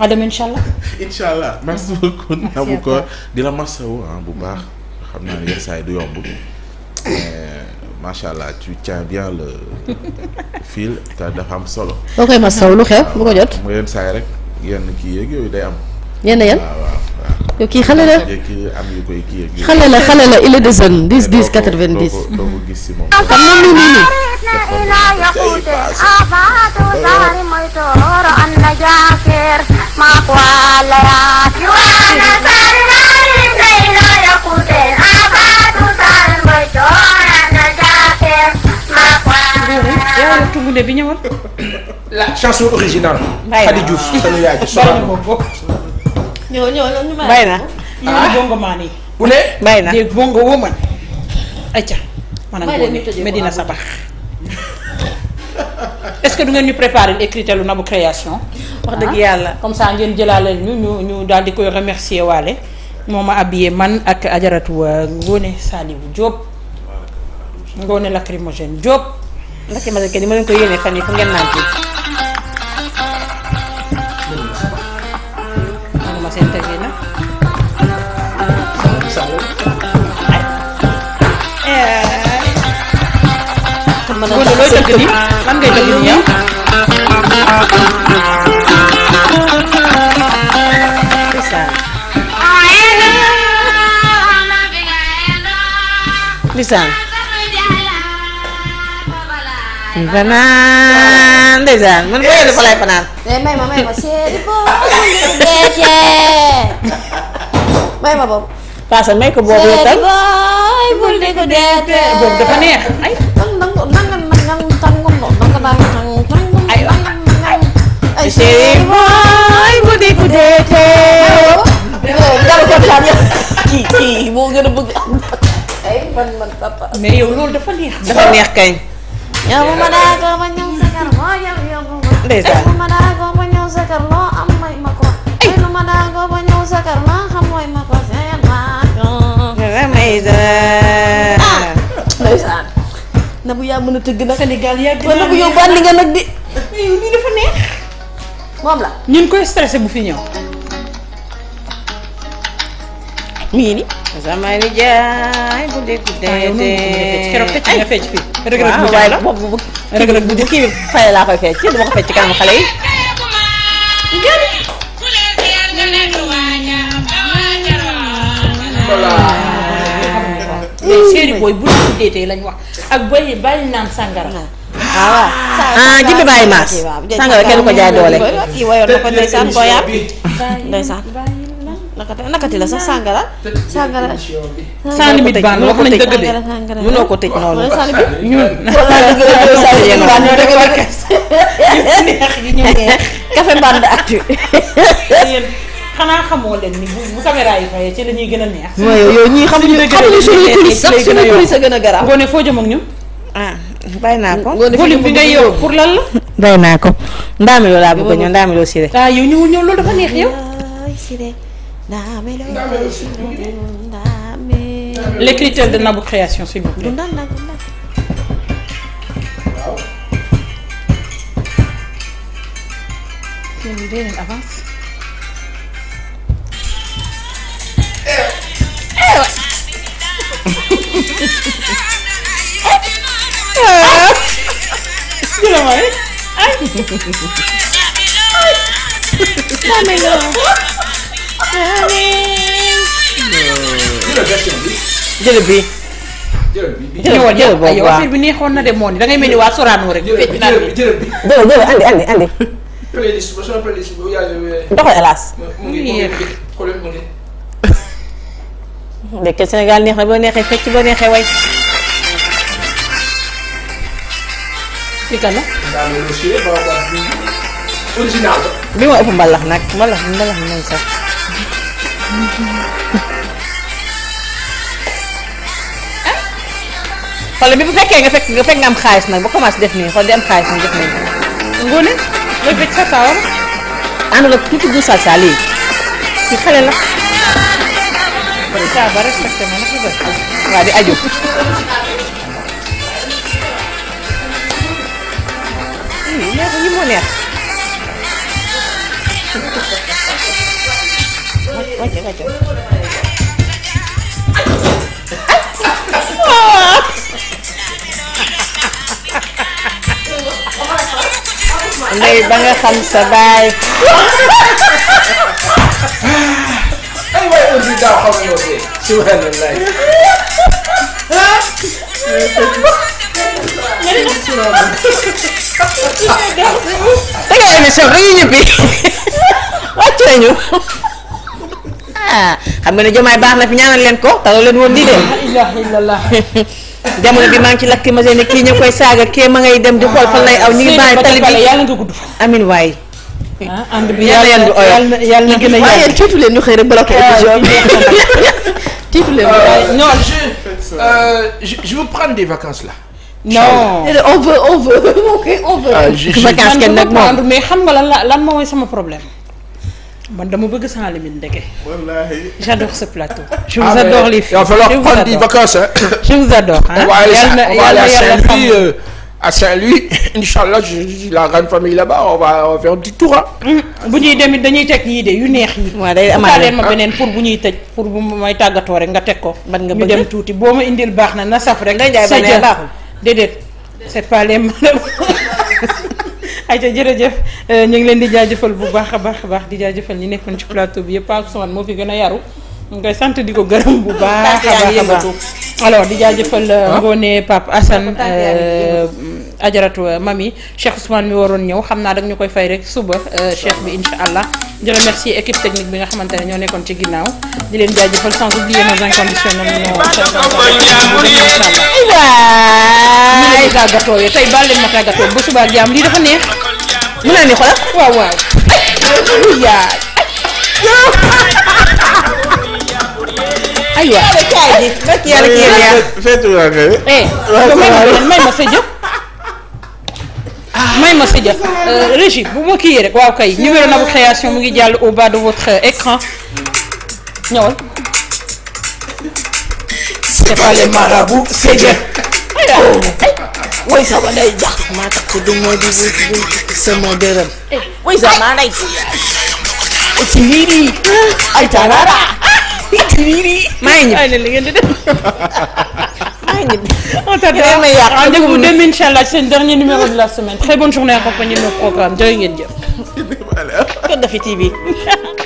à demain incha allah. incha allah merci beaucoup. merci ko di la bu baax. xam naa ne yenn saa yi du yomb. macha allah tu tiens bien fil te dafa am solo. boo koy masawu lu xew bu ko jot. mu yenn saa rek yenn ki yeeg yooyu day am. yenn yan yow kii xale la xale la xale la il est de jeune 10 10 90. kon moom mii nii nii. yaa ngi tungu de bi ñëwal. la chanson originale. Khady Diouf sunu yaay ji ñoo na ah. ñu bongo maan yi bu ne may na dégg bongo woman acca man ak góor Medina Sabax est du ngeen ñu préparer une écriture lu Nabou Création wax dëgg ah. yàlla comme ça ngeen jëlaale ñu ñu ñu daal di koy remercier waale moo ma habillé man ak ajaratu euh, Ngoone Saliou Diop Ngoone lacrymogène Diop lacrymogène kenn ma leen ko yéene fan yi fu ngeen naan seen tëj bi nag wala looy tëgg nii lan ngay tëgg nii fanaan ndeysaan man boo yële fa lay fanaan. mais may ma may ma chéri boobu may ma boobu. paasal may ko boobu la tam booy bul di ko deete boobu dafa neex ay. nan nan nan nan tan ngom no nan nan tan ngom ay ay chéri booy bul di ko deete. kii kii moo gën a bëgg. ay man man papa. mais yow loolu dafa neex. dafa neex kañ. yow bu ma daagoo ma ñëw sa kër loo yow yow bu ma. ndeysaan bu ma daagoo ma ñëw sa kër loo am may ma ko. ay lu ma daagoo ma ñëw sa kër loo xam mooy ma ko seen maa ko. ndeysaan. na bu yaa mën a tëgg nag. Sénégal yaa gën a yow bànn nga nag di. yow lii dafa neex. moom la ñun koy stressé bu fi ñëw. mi ngi nii. sama nijaay bu dee guddee dee. keroog fecc nga fecc fii. rëg rëg bu jaay la boobu rëg rëg bu kii bi fay laa koy fecc dama ko fecc ci kanam xale yi. mais chéri booy bu ñu tuddee tey lañ wax ak bàyyi bàyyi naan sàngara. waaw ah, ah, ah jibbi bàyyi maas sàngara kenn ko jaay doole. nakati nakati la sax sàngara. sàngara sans limite ban wax nañ dëgg de mënoo ko tëj noonu. ñun café Mbande Actu xanaa xamoo leen ni bu bu caméra yi fayee ci la ñuy gën a neex. mooy yow ñii xamuñu xamuñu suñuy coulisse sax suñuy coulisse a gën a garaaw. ngoone foo jëm ak ñun. ah bàyyi naa ko. volume bi ngay yow pour lan la. bàyyi naa ko ndaamiloo laa bëgg a ñëw ndaamiloo Siré. waaw ah, yow ñëwul ñëw loolu dafa neex yow. l'écriture de Nabou Création s'il vous plaît. waaw. yéen dee leen avance. jërëjëf waay. Eh eh gestion bi. jërëjëf bi. jërëjëf bi jërëjëf bi neexoon na de moom da ngay mel ni waa Sorano rek. jërëjëf bi jërëjëf bi andi andi andi. playlist ba sama Sénégal neex na boo neexee fecc boo neexee way. bi ma ëpp mbalax nag mbalax mbalax mooy sax. xoolal bi fekk nga fekk nga am xaalis nag ba commencé def nii xool di am xaalis nag def nii. ngoone mooy bëgg salsa wala. ànd la tuuti bu salsa lii ci xale la. saa ba respecté ma naka bëgg. waaw di aju. neex ñi moo ndey ba nga xam sa baay. ay waay on nga ko subhanallah. dangay émission dañuy xam nga ne Diomaye baax na fi ñaanal leen ko taloo leen woon di de. jamono bi maa ngi ci lakk ma ne kii ñu koy saaga kee ma ngay dem di xool fan lay aw ñu ngi bàyyi tali bi yàlla nga gudd fa amin waay ah, ànd bi yàlla yàlla na yàlla na gën a yàlla waaye tiitu leen ñu xëy rek bloqué émission bi tiitu leen non je euh, je je veux prendre des non on veut moom mais xam nga lan la lan mooy sama problème man dama bëgg sans limite ndeke. wallaahi. j'adore ce plateau. je vous ah, adore les filles. je vous adore euh, la grande famille mm. bu ñuy demit dañuy teg yii de yu neex yi. waaw day amaat leen ma ah. beneen pour bu ñuy tëj pour bu may tàggatoo rek nga teg ko. ban nga bëgg ñu dem tuuti boo ma indil baax na na saf rek. nga jaay baaxul déedéet c'est pas les ayca jërëjëf euh, ñu ngi leen di jaajëfal bu baax a baax a baax di jëfal ñi nekkoon ci plateau bi yëpp Pape Sow moo fi gën a yaru ñu ngay sant di ko gërëm bu baax a baax a baax alors di jaajëfal euh, ah? Ngoné Pape Assane euh, ajaratu mami Cheikh Ousmane mi waroon ñëw xam naa dag ñu koy fay rek suba Cheikh bi incha allah di remercier équipe technique bi nga xamante ne ñoo nekkoon ci ginnaaw di leen jaajëfal sans oublier nos inconditionnels waay tàggatoo yooyu tey baal leen ma tàggatoo ba suba ak jàmm lii dafa neex. mën naa ne xoolal waaw waaw. aywa caa ji rek yàlla kii yàlla yàlla. feetu waa kay. may ma sa jëf. may ma euh, Régis bu ma kii rek waaw kay numéro Nabou Création mu ngi jàll au bas de votre écran ñëwal. c'est pas les marabouts c'est Dieu woy sama ndey jax maa tax ko duma di sama dërëm woy sama ndey tiriri ay tarara tiriri maa ngi ñëw li ngeen di def maa ngi ñëw on t'adore ma yàq rendez-vous demain inchallah c'est le dernier numéro de la semaine très bonne journée accompagnée de nos programmes jërë ngeen jëf Kodafi TV